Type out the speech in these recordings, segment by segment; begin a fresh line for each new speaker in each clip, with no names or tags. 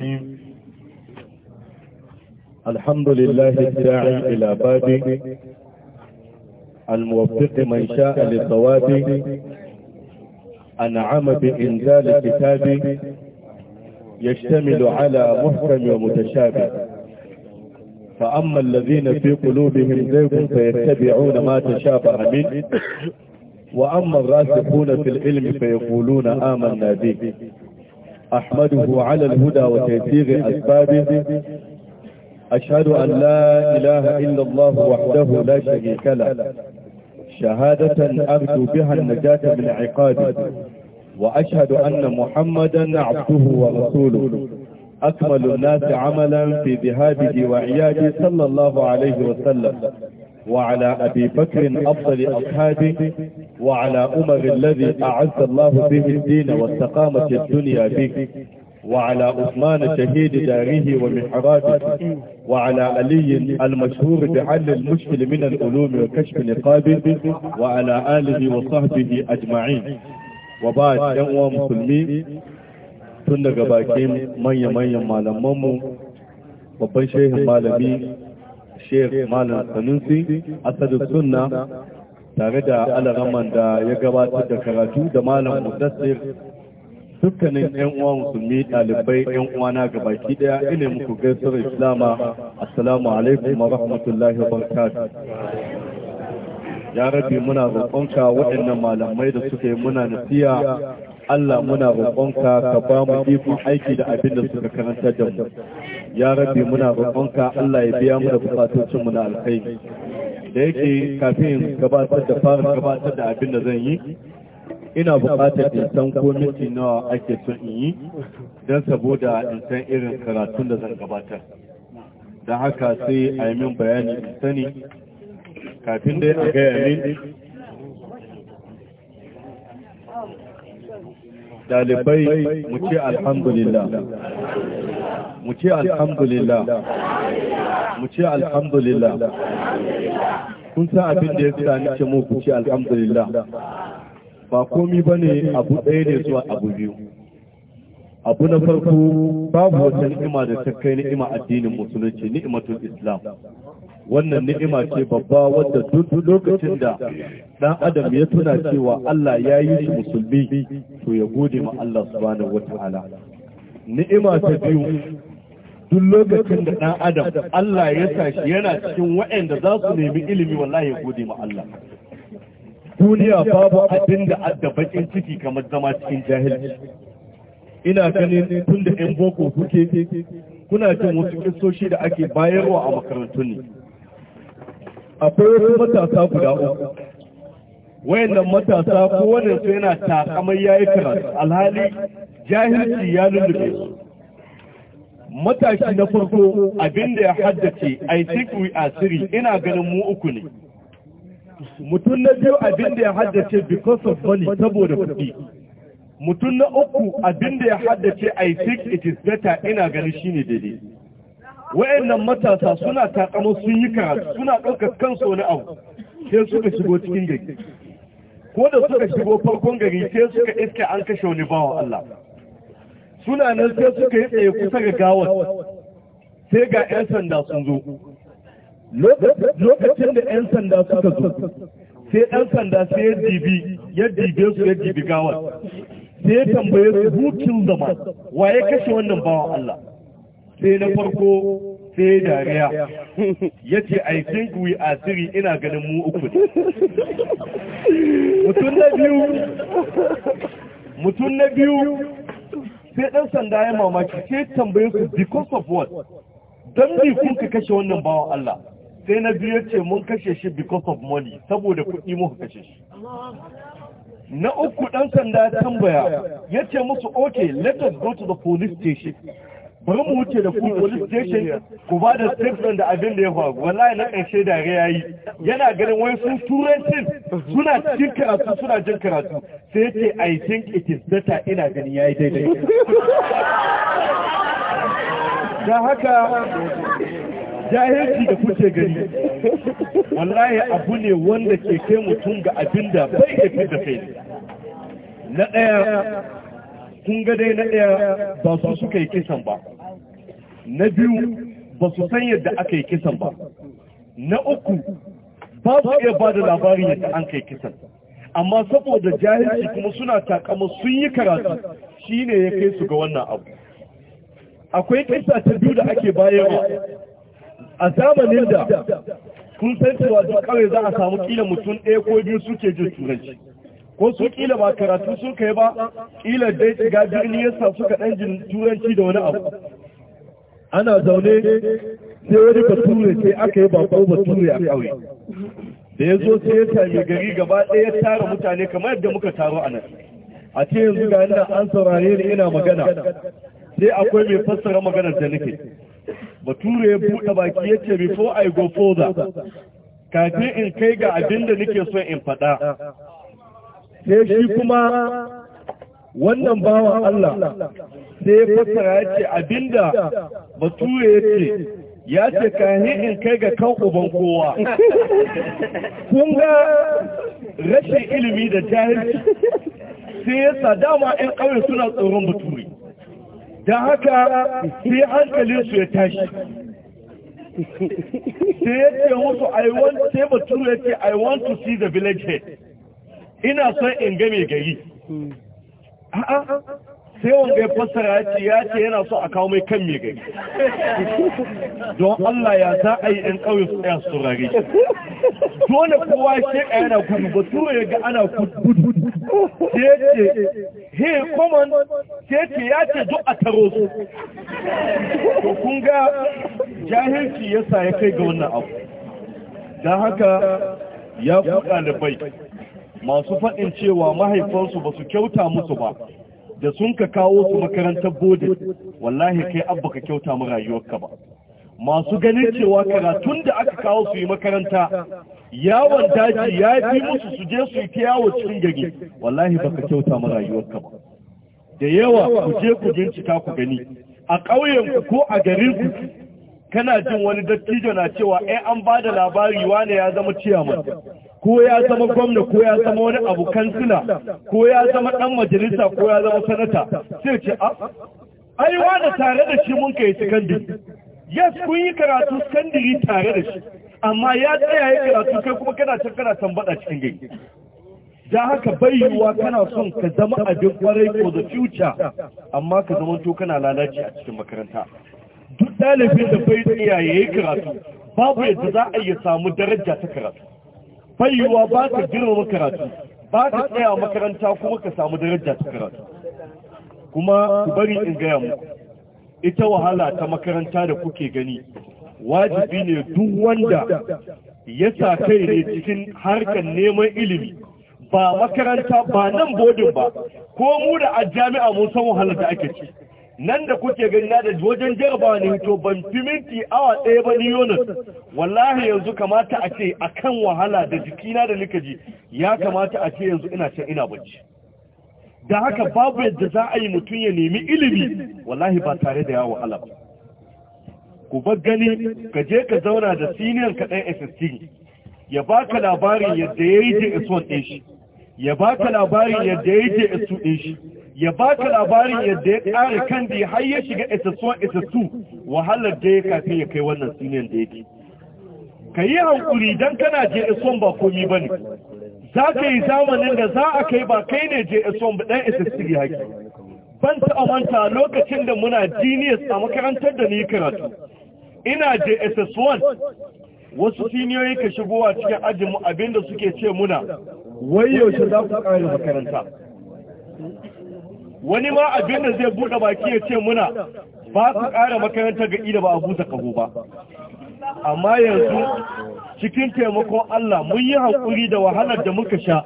الرحيم الحمد لله الداعي إلى بابي الموفق من شاء للصواب
أنعم بإنزال كتابي يشتمل
على محكم ومتشابه فأما الذين في قلوبهم زيغ فيتبعون ما تشابه منه وأما الراسخون في العلم فيقولون آمنا به أحمده على الهدى وتيسير أسبابه أشهد أن لا إله إلا الله وحده لا شريك له شهادة أرجو بها النجاة من عقابه وأشهد أن محمدا عبده ورسوله أكمل الناس عملا في ذهابه وعياده صلى الله عليه وسلم وعلى أبي بكر أفضل أصحابه وعلى عمر الذي أعز الله به الدين واستقامت الدنيا به وعلى عثمان شهيد داره ومحرابه وعلى علي المشهور بحل المشكل من الألوم وكشف نقابه وعلى آله وصحبه أجمعين وبعد يوم مسلمين tun daga bakin manya-manyan malamanmu babban shehin malami sheikh malam sanusi asadu sunna tare da alaraman da ya gabatar da karatu da malam mudassir dukkanin yan uwa musulmi ɗalibai yan uwana ga baki ɗaya ina muku gaisuwar islama assalamu alaikum wa rahmatullahi wa barakatuh ya rabi muna roƙonka waɗannan malamai da suka yi muna nasiya Allah muna roƙonka ka ba mu ikon aiki da abin da suka karanta da mu ya rabi muna roƙonka Allah ya biya mu da bukatocin mu na alkhairi da yake kafin gabatar da fara gabatar da abin da zan yi ina buƙatar in san ko minti ake son in yi don saboda in san irin karatun da zan gabatar don haka sai a yi min bayani in sani
kafin dai a gaya min dalibai mu ce alhamdulillah
mu ce alhamdulillah mu ce alhamdulillah
kun san abin da ya sa ni ce mu
ku ce alhamdulillah ba komi ba ne abu ɗaya ne zuwa abu biyu abu na farko babu wata ni'ima da ta kai ni'ima addinin musulunci ni'imatul islam wannan ni'ima ce babba wadda duk lokacin da
dan adam ya tuna cewa Allah ya yi shi musulmi to ya gode ma Allah subhanahu wataala
ni'ima ta biyu duk lokacin da ɗan adam Allah ya tashi yana cikin waɗanda za su nemi ilimi wallahi ya gode ma Allah duniya babu abin da adda bakin ciki kamar zama cikin jahilci ina ganin tun da yan boko kuke kuna jin wasu kisoshi da ake bayarwa a makarantun ne akwai wasu matasa guda uku wayannan matasa ko wanda su yana takamai yayi karatu alhali jahilci ya lullube su matashi na farko abinda ya haddace i think we are three ina ganin mu uku ne mutum na biyu abinda ya haddace because of money saboda kuɗi mutum na uku abinda ya haddace i think it is better ina ganin shine daidai wayannan matasa suna takamo sun yi karatu suna ɗaukar kansu wani abu sai suka shigo cikin gari ko da suka shigo farkon gari sai suka iska an kashe wani bawa Allah suna nan sai suka yi tsaye kusa ga gawar sai ga 'yan sanda sun zo lokacin da 'yan sanda suka zo sai 'yan sanda sai ya dibi ya dibe su ya dibi gawar sai ya tambaye su hukin zama waye kashe wannan bawan Allah sai na farko sai dariya ya ce i think we are three ina ganin mu uku mutum na biyu mutum na biyu sai ɗan sanda ya mamaki sai tambaye ku because of what don bi kun ka kashe wannan bawan Allah sai na biyu ce mun kashe shi because of money saboda kuɗi muka kashe shi na uku ɗan sanda ya tambaya ya ce musu okay let us go to the police station bari mu wuce da ku police station ku ba da steps da abin da ya faru wallahi na ƙarshe da ya yi yana ganin wai sun turancin suna cikin karatu suna jin karatu sai yace i think it is better ina ganin yayi daidai da haka jahilci da kuke gani wallahi abu ne wanda ke kai mutum ga abin da bai da kai na ɗaya kun ga dai na ɗaya ba su suka yi kisan ba na biyu ba su san yadda aka yi kisan ba na uku ba su iya ba da labarin yadda an kai kisan amma saboda jahilci kuma suna takama sun yi karatu shi ne ya kai su ga wannan abu akwai kisa ta biyu da ake bayarwa a zamanin da kun san cewa duk kawai za a samu kila mutum ɗaya ko biyu suke jin turanci ko su kila ba karatu sun kai ba kila dai shiga birni ya sa suka dan jin turanci da wani abu ana zaune sai wani bature sai aka yi bako bature a kauye
da ya zo sai ya sami gari gaba ɗaya ya
tara mutane kamar yadda muka taro a nan a ce yanzu ga nan an saurare ni ina magana sai akwai mai fassara maganar da nake bature ya buɗe baki ya ce before I go further kafin in kai ga abin da nake so in faɗa sai shi kuma wannan bawan Allah sai ya fassara ya ce abinda bature ya ce ya ce kayan in kai ga kan uban kowa kun ga rashin ilimi da jahilci sai ya sa dama ɗin ƙauye suna tsoron bature da haka sai su ya tashi sai ya ce musu i want sai bature ya ce i want to see the village head ina son in ga mai gari a'a sai wanga ya fassara ya ce ya ce yana so a kawo mai kan mai gari
don Allah ya za a yi ɗan
ƙauye su ɗaya su rari dole kowa sheka yana gudu ba tura ya ga ana gudu sai ya ce he common sai ce ya ce duk a taro su to kun ga jahilci ya sa ya kai ga wannan abu don haka ya da bai. masu faɗin cewa mahaifansu ba su kyauta musu ba da sun ka kawo su makarantar bodi wallahi kai abba ka kyauta mu rayuwarka ba masu ganin cewa karatun da aka kawo su yi makaranta
yawon daji ya fi musu su je
su yi ta yawo cikin gari wallahi baka kyauta mu rayuwarka ba da yawa ku je ku bincika ku gani a ƙauyen ku ko a garin ku kana jin wani dattijo na cewa eh an ba da labari wane ya zama ciyaman ko ya zama gwamna ko ya zama wani abu kansila ko ya zama dan majalisa ko ya zama sanata sai ce a ah, ai wanda tare da shi mun kai sakandiri yes kun yi karatu sakandiri tare da shi amma ya tsaya ya karatu kai kuma kana can kana tambada cikin gari da haka bayyuwa kana son ka zama abin kwarai ko the future amma ka zama to kana lalaci a cikin makaranta duk ɗalibin da bai tsaya ya yi karatu babu yadda za a iya samu daraja ta karatu baiwa ba ka girmama karatu ba ka tsaya makaranta kuma ka samu daraja ta karatu kuma ku bari in gaya muku ita wahala ta makaranta da kuke gani wajibi ne duk wanda ya sa kai ne cikin harkar neman ilimi ba makaranta ba nan bodin ba ko mu da a jami'a mun san wahalar da ake ci nan da kuke gani na da wajen jarabawa ne to ban fi minti awa ɗaya ba ni yonin wallahi yanzu kamata a ce kan wahala da jikina da nika ji ya kamata a ce yanzu ina can ina bacci da haka babu yadda za a yi mutum ya nemi ilimi wallahi ba tare da ya wahala ba ku bar gani ka je ka zauna da senior ka ɗan SST ya baka labarin yadda ya yi JS1 ɗin shi ya baka labarin yadda ya yi JS2 ɗin ya baka labarin yadda ya ƙara kan da har ya shiga SS1 SS2 wahalar da ya kafin ya kai wannan siniyan da yake ka yi hankuri don kana SS 1 ba komi ba ne za ka yi zamanin da za a kai ba kai ne SS 1 ba ɗan SS3 haƙi ban taɓa manta lokacin da muna genius a makarantar da ni karatu ina SS 1 wasu siniyoyi ka shigowa cikin ajinmu abinda suke ce muna wai yaushe za ku ƙara makaranta
wani ma abin da zai buɗe baki ya ce muna ba su ƙara
makarantar ga ida ba a busa kago ba
amma yanzu
cikin taimakon Allah mun yi haƙuri da wahalar da muka sha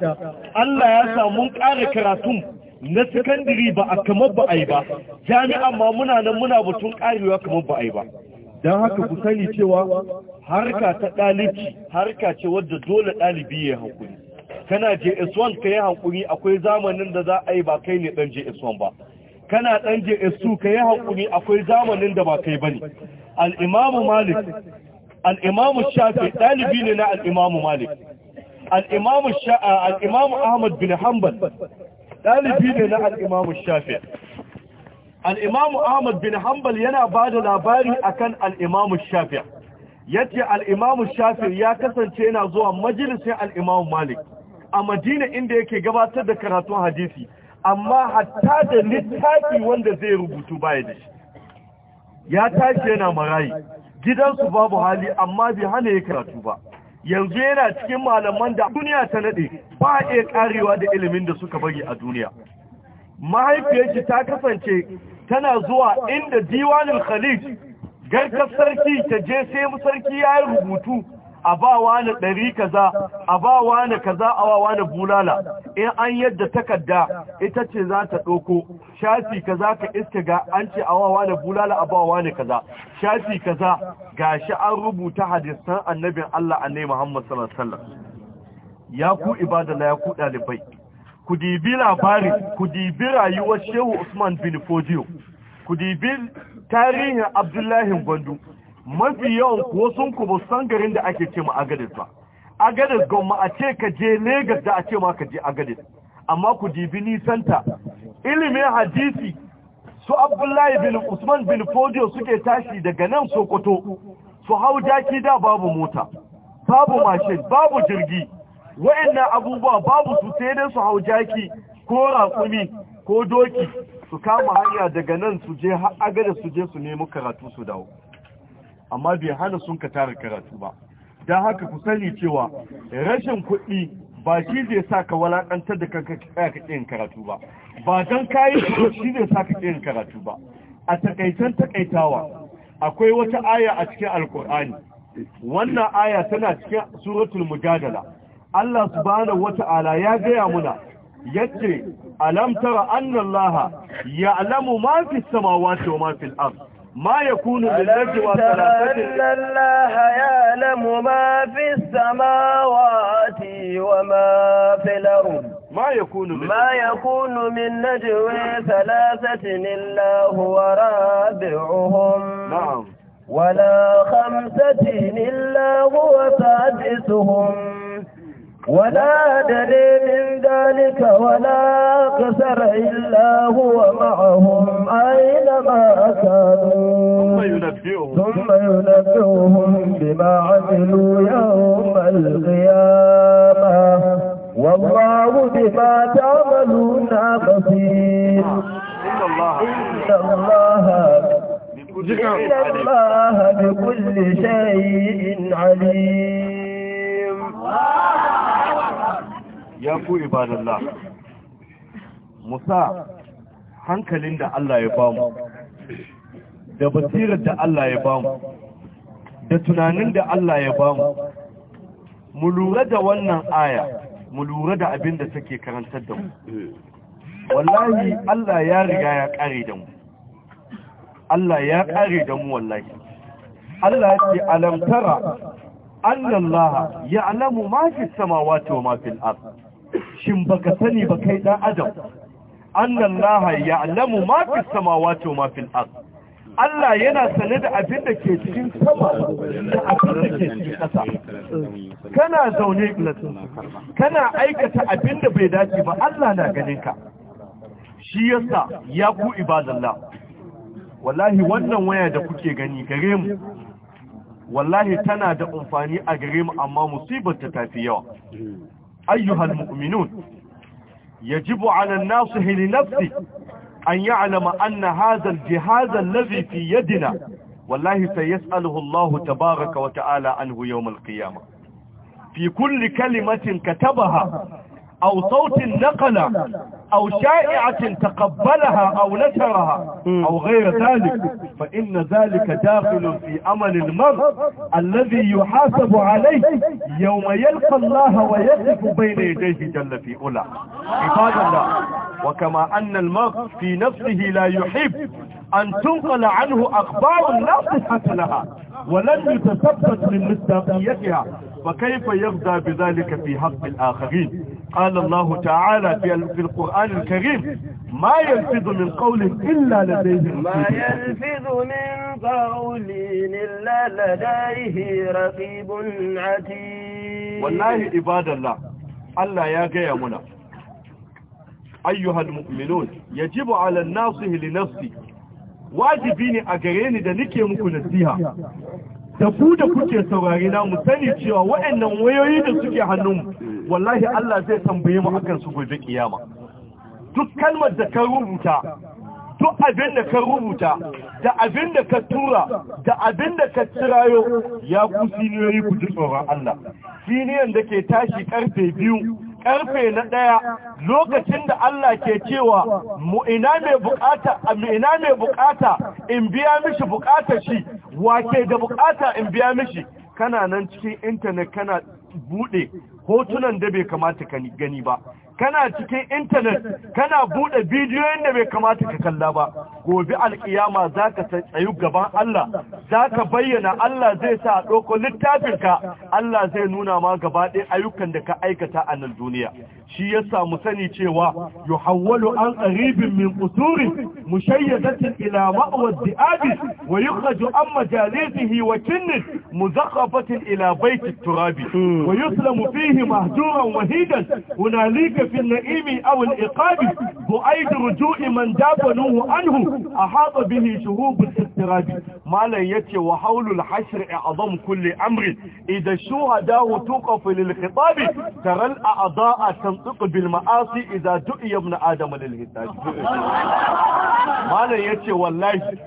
Allah ya samu mun ƙara karatun na sakandiri ba a kamar ba a yi ba jami'an ma muna nan muna batun karewa kamar ba a yi ba don haka ku sani cewa harka ta ɗalibi. harka ce wadda dole ɗalibi ya haƙuri kana js1 ka yi hankuri akwai zamanin da za a yi ba kai ne dan js1 ba kana dan js2 ka yi hankuri akwai zamanin da ba kai ba ne al'imamu malik al'imamu shafi dalibi ne na al'imamu malik al'imamu al'imamu ahmad bin hanbal dalibi ne na al'imamu shafi al'imamu ahmad bin hanbal yana bada labari akan al'imamu shafi yace al'imamu shafi ya kasance yana zuwa majalisin al'imamu malik a madina inda yake gabatar da karatun hadisi amma hatta da littafi wanda zai rubutu baya da shi ya tashi yana marayi gidansu babu hali amma bai hana ya karatu ba yanzu yana cikin malaman da duniya ta nade ba iya karewa da ilimin da suka bari a duniya mahaifiyarki ta kasance tana zuwa inda diwanin khalid garkar sarki ta je sai sarki ya yi rubutu a ba wani ɗari kaza a ba wani kaza a wa wani bulala in an yadda takarda ita ce za ta ɗauko shafi kaza ka iska ga an ce a wa wani bulala a ba wani kaza shafi kaza ga shi an rubuta hadisan annabin Allah nai Muhammad sallallahu ya ku ibadala ya ku ɗalibai ku dibi labari ku dibi rayuwar Shehu Usman bin Fodio ku dibi tarihin Abdullahi Gwandu mafi yawan kuwa sun kuma san garin da ake ce ma ba agadis gwamma a ce ka je Legas da a ce ma ka je agadis amma ku dibi nisanta ilimin hadisi su abdullahi bin usman bin fodiyo suke tashi daga nan sokoto su hau jaki da babu mota babu mashin babu jirgi wa'annan abubuwa babu su sai dai su hau jaki ko raƙumi ko doki su kama hanya daga nan su je har agada su je su nemi karatu su dawo amma bai hana sun ka tara karatu ba don haka ku sani cewa rashin kuɗi ba shi zai sa ka walaƙantar da kanka ka ƙin karatu ba ba don kayi shi zai sa ka ƙin karatu ba a takaitan takaitawa akwai wata aya a cikin alkur'ani wannan aya tana cikin suratul mujadala Allah subhanahu wata'ala ya gaya muna yace alam tara anna Allah ya'lamu ma fi samawati wa ma fil ardh
ما يكون للنجوى والثلاثة أن الله يعلم ما في السماوات وما في الأرض ما يكون من ما يكون من نجوى ثلاثة إلا هو رابعهم نعم ولا خمسة إلا هو سادسهم ولا دليل من ذلك ولا قصر إلا هو معهم أينما كانوا ثم ينبئهم بما عملوا يوم القيامة والله بما تعملون بصير آه. إن الله إن الله بكل شيء عليم
ya ku ibadallah musa hankalin da Allah ya bamu da basirar da Allah ya bamu da tunanin da Allah ya bamu mu lura da wannan aya mu lura da abin da take karantar da mu wallahi Allah ya riga ya kare da mu Allah ya kare da mu wallahi Allah ya ce tara annallaha ya'lamu ma fi samawati wa ma fil ard shin baka sani ba kai dan adam annallaha ya'lamu ma fi samawati wa ma fil ard Allah yana sane da abin da ke cikin sama da abin da ke cikin ƙasa
kana zaune
kana aikata abin da bai dace ba Allah na ganin ka shi yasa ya ku ibadallah wallahi wannan waya da kuke gani gare mu wallahi tana da amfani a gare mu amma musibar ta tafi yawa ayyuhal mu'minun yajibu 'ala an-nas li nafsi an ya'lama anna hadha al-jihaz alladhi fi yadina wallahi sayas'aluhu Allah tabaaraka wa ta'ala anhu yawm al-qiyamah fi kulli kalimatin katabaha او صوت نقل او شائعة تقبلها او نشرها او غير ذلك فان
ذلك داخل في امل المرء
الذي يحاسب عليه
يوم يلقى الله ويقف بين يديه
جل في اولى عباد الله وكما ان المرء في نفسه لا يحب ان تنقل عنه اخبار لا صحة لها ولن يتثبت من مصداقيتها فكيف يغضى بذلك في حق الاخرين قال الله تعالى في القرآن الكريم ما يلفظ من قول إلا لديه ما يلفظ
من قول إلا لديه رقيب عتيد
والله
عباد الله الله يا قيامنا أيها المؤمنون يجب على الناس لنفسي واجبيني أقريني دنكي مكنسيها da ku da kuke saurari na mu sani cewa waɗannan wayoyi da suke hannunmu wallahi Allah zai tambaye mu akan su gobe kiyama duk kalmar da ka rubuta duk abin da ka rubuta da abin da ka tura da abin da ka tsirayo ya ku siniyoyi ku ji tsoron Allah siniyan da ke tashi karfe biyu karfe na ɗaya lokacin da Allah ke cewa ina mai bukata ina mai bukata in biya mishi bukatar shi wake da bukata in biya mishi kana nan cikin intanet kana buɗe hotunan da bai kamata ka gani ba kana cikin intanet kana buɗe bidiyoyin da bai kamata ka kalla ba gobe alkiyama za ka tsayu gaban Allah za ka bayyana Allah zai sa a ɗauko littafinka Allah zai nuna ma gaba ɗaya ayyukan da ka aikata a nan duniya shi ya samu sani cewa yuhawwalu an qaribin min ƙusuri mu ila ma'wad di'abi wa yukhraju an majalisihi wa kinnin muzakhafatin ila baiti turabi wa mu fihi mahjuran wahidan hunalika fi an-na'imi aw al-iqabi bu'aid ruju'i man dafanuhu anhu ahata bihi shuhub al-istirabi malan yace wa hawlu al-hashr a'zam kulli amrin idha shuhada tuqaf lil-khitab tara al-a'da'a yafsuqu bil ma'asi idza du'iya ibn adam lil hisab malam yace wallahi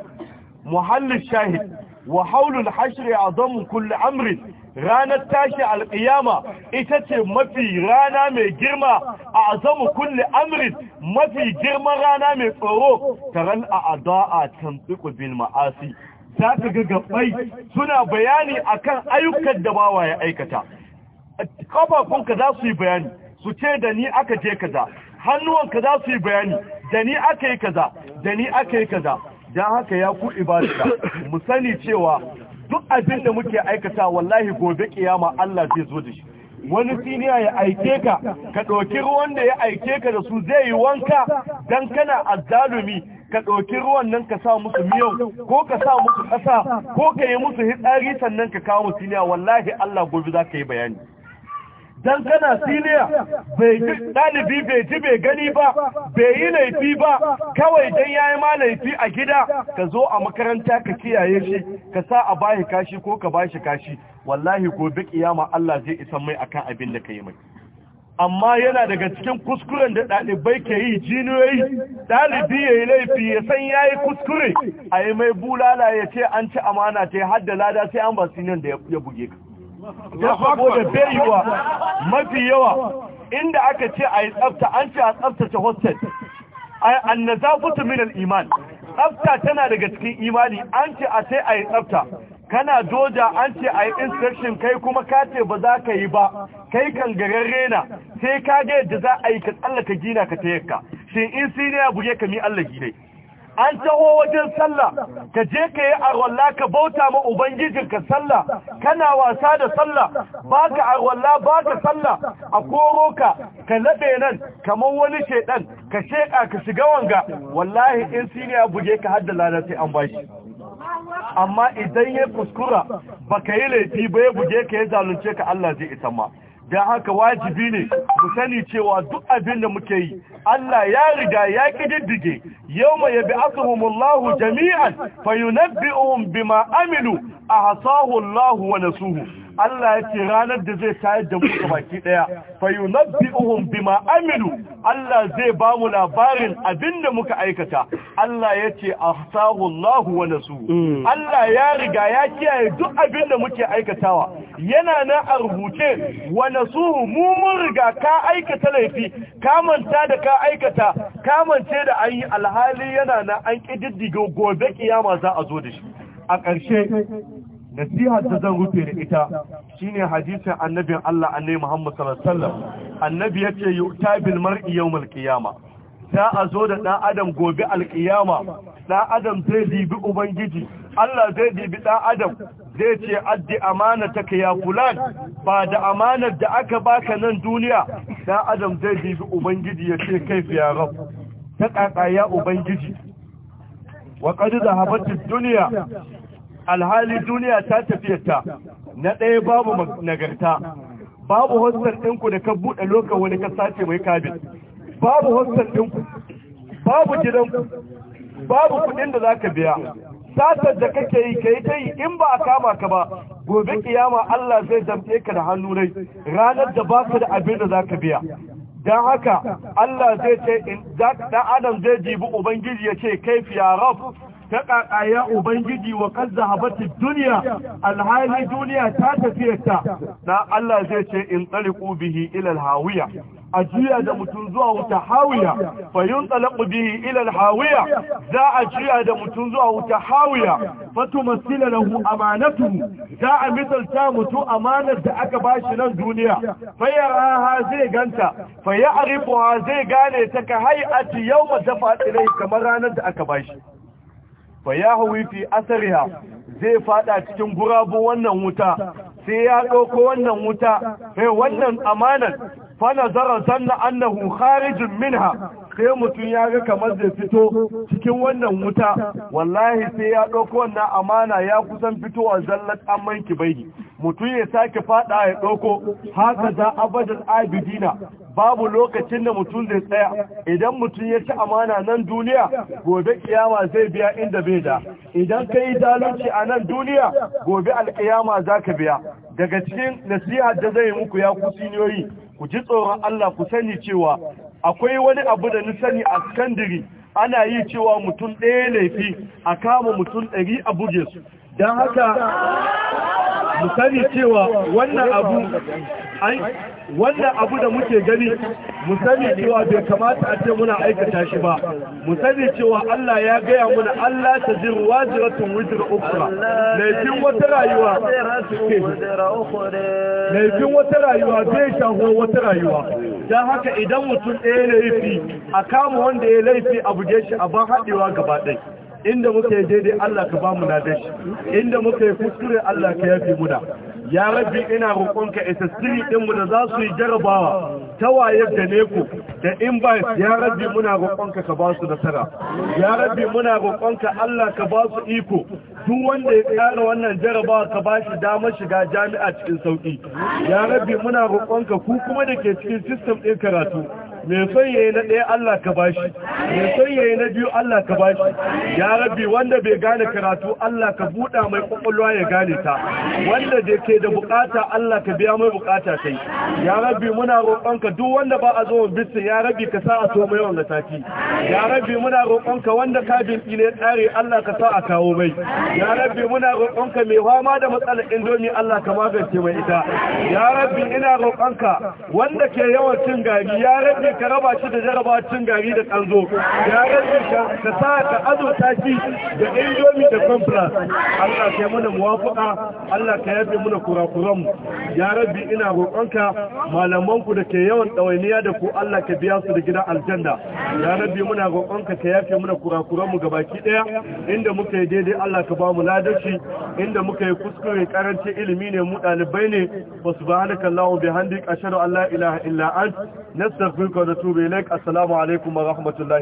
muhallil shahid wa hawlul hashr azam kulli amri ranar tashi alƙiyama ita ce mafi rana mai girma a azamu kulle amrin mafi girman rana mai tsoro taron a ada'a tamtsiku bin ma'asi za ka ga gabai suna bayani akan ayyukan da bawa ya aikata Ƙafafunka za su yi bayani su ce da ni aka je kaza hannuwanka za su yi bayani da ni aka yi kaza da ni aka yi kaza don haka ya ku ibadata mu sani cewa duk abin da muke aikata wallahi gobe kiyama Allah zai zo da shi wani siniya ya aike ka ka ɗauki ruwan da ya aike ka da su zai yi wanka don kana azzalumi ka ɗauki ruwan nan ka sa musu miyau ko ka sa musu ƙasa ko ka yi musu hitsari sannan ka kawo musu wallahi Allah gobe za ka yi bayani dan kana siliya ɗalibi bai ji bai gani ba bai yi laifi ba kawai dan yayi ma laifi a gida ka zo a makaranta ka kiyaye shi ka sa a bashi kashi ko ka bashi kashi wallahi gobe kiyama Allah zai isan mai akan abin da yi mai amma yana daga cikin kuskuren da ɗalibai ke yi jiniyoyi ɗalibi ya yi laifi ya san ya yi kuskure a yi mai bulala ya ce an ci amana ta yi haddala da sai an ba sinin da ya buge ka
da saboda da yiwa mafi yawa
inda aka ce a yi tsafta an ce a tsaftace hostel annazafatu min al-iman tsafta tana daga cikin imani an ce a sai a yi tsafta kana doja an ce a yi inspection kai kuma ka ce ba za ka yi ba kai kan garin rena sai ka ga yadda za a yi ka tsallaka gina ka yanka shin in siniya buge ka mi Allah gine an taho wajen sallah ka je ka yi arwalla ka bauta ma ubangijinka sallah kana wasa da sallah baka arwalla baka sallah a koro ka ka labe nan kamar wani shedan ka sheka ka shiga wanga wallahi in siniya buge ka hadda lada sai an bashi amma idan ya kuskura baka yi laifi ba ya buge ka ya zalunce ka Allah zai isa ma don haka wajibi ne mu sani cewa duk abin da muke yi Allah ya riga ya kididdige yawma yabi'athuhumullahu jami'an fayunabbi'uhum bima a ahsahu Allahu wa nasuhu Allah ya ce ranar da zai tayar da mu baki daya fa yunabbi'uhum bima amilu Allah zai ba mu labarin abinda muka aikata Allah ya ce ahsahu Allah wa nasu mm. Allah ya riga ya kiyaye duk abinda muke aikatawa yana na a rubuce wa nasu mu mun riga ka aikata laifi ka manta da ka aikata ka mance da an yi alhali yana na an kididdiga gobe kiyama za a zo da shi a ƙarshe nasihar da zan rufe da ita shine hadisin annabin Allah annabi Muhammad sallallahu alaihi wasallam annabi yace yu'ta bil mar'i yawmal qiyama za a zo da dan adam gobe alqiyama dan adam zai dibi ubangiji Allah zai dibi dan adam zai ce addi amanataka ya fulan ba da amanar da aka baka nan duniya dan adam zai dibi ubangiji yace kai ya rab ta kakaya ubangiji wa qad zahabat ad-dunya alhali duniya ta tafiyarta na ɗaya babu nagarta babu hostel ɗinku da ka buɗe loka wani ka sace mai kabin babu hostel ɗinku babu gidanku babu kuɗin da za ka biya satar da kake yi ka yi ta yi in ba a kama ka ba gobe kiyama Allah zai damɗe ka da hannu rai ranar da baka da abin da za ka biya don haka Allah zai ce ɗan adam zai jibi ubangiji ya ce kaifi ya rab ta kakaya ubangiji wa kan zahabati duniya alhali duniya ta tafiyarta Na Allah zai ce in tsariku bihi ilal hawiya a juya da mutum zuwa wuta hawiya fa yun talaku bihi ilal hawiya za a juya da mutum zuwa wuta hawiya fa tumassila lahu amanatu. za a misalta mutum amanar da aka ba shi nan duniya fa yaraha zai ganta fa ya'rifuha zai gane ta ka hay'ati yawma dafa ilai kamar ranar da aka bashi fa ya hawi fi asariha zai fada cikin gurabu wannan wuta sai ya ɗauko wannan wuta sai wannan amanan fa nazara zanna annahu kharijun minha sai mutum ya ga kamar zai fito cikin wannan wuta wallahi sai ya ɗauko wannan amana ya kusan fitowa zallat amman bai mutum ya sake fada ya ɗauko haka za abadul abidina babu lokacin da mutum zai tsaya idan mutum ya ci amana nan duniya gobe kiyama zai biya inda bai da idan ka yi zalunci a nan duniya gobe alkiyama za ka biya daga cikin nasiha da zai muku ya ku siniyoyi ku ji tsoron Allah ku sani cewa akwai wani abu da ni sani a kandiri ana yi cewa mutum ɗaya laifi a kama mutum ɗari a buge su don haka
mu sani cewa wannan abu
wannan abu da muke gani mu sani cewa bai kamata a ce muna aikata shi ba mu sani cewa Allah ya gaya muna Allah ta jin wajiratun wujir ukra laifin wata rayuwa laifin wata rayuwa zai shaho wata rayuwa don haka idan mutum ɗaya laifi a kama wanda ya laifi a buge shi a ban haɗewa gaba ɗaya inda muka yi daidai Allah ka ba mu na dashi inda muka yi kuskure Allah ka yafi muna ya rabbi ina roƙonka SSC ɗinmu da za su yi jarabawa ta wayar da neko da ba ya rabbi muna roƙonka ka ba su nasara ya rabbi muna roƙonka Allah ka ba su iko duk wanda ya tsara wannan jarabawa ka ba shi damar shiga jami'a cikin sauƙi ya rabbi muna roƙonka ku kuma da ke cikin system ɗin karatu mai son yayi na ɗaya Allah ka bashi mai son yayi na biyu Allah ka bashi ya rabbi wanda bai gane karatu Allah ka buɗa mai kwakwalwa ya gane ta wanda da ke da bukata Allah ka biya mai bukata kai ya rabbi muna roƙonka duk wanda ba a zo bisin ya rabbi ka sa a so mai wanga sati ya rabbi muna roƙonka wanda ka bin ne tsare Allah ka sa a kawo mai ya rabbi muna roƙonka mai fama da matsalar indomi Allah ka magance mai ita ya rabbi ina roƙonka wanda ke yawan cin gari ya rabbi ka raba shi da jaraba cin gari da kanzo ya rage ka ka sa ka azurta shi da indomi da compras Allah ka yi mana muwafuka Allah ka yafe mana kurakuranmu ya rabbi ina roƙonka malamanku da ke yawan ɗawainiya da ku Allah ka biya su da gidan aljanna ya rabbi muna roƙonka ka yafe mana kurakuranmu ga gabaki ɗaya inda muka yi daidai Allah ka ba mu shi inda muka yi kuskure karanci ilimi ne mu ɗalibai ne wa subhanakallahumma bihamdik ashhadu an allah ilaha illa ant nastaghfiruka da tube lake assalamu alaikum wa rahmatullahi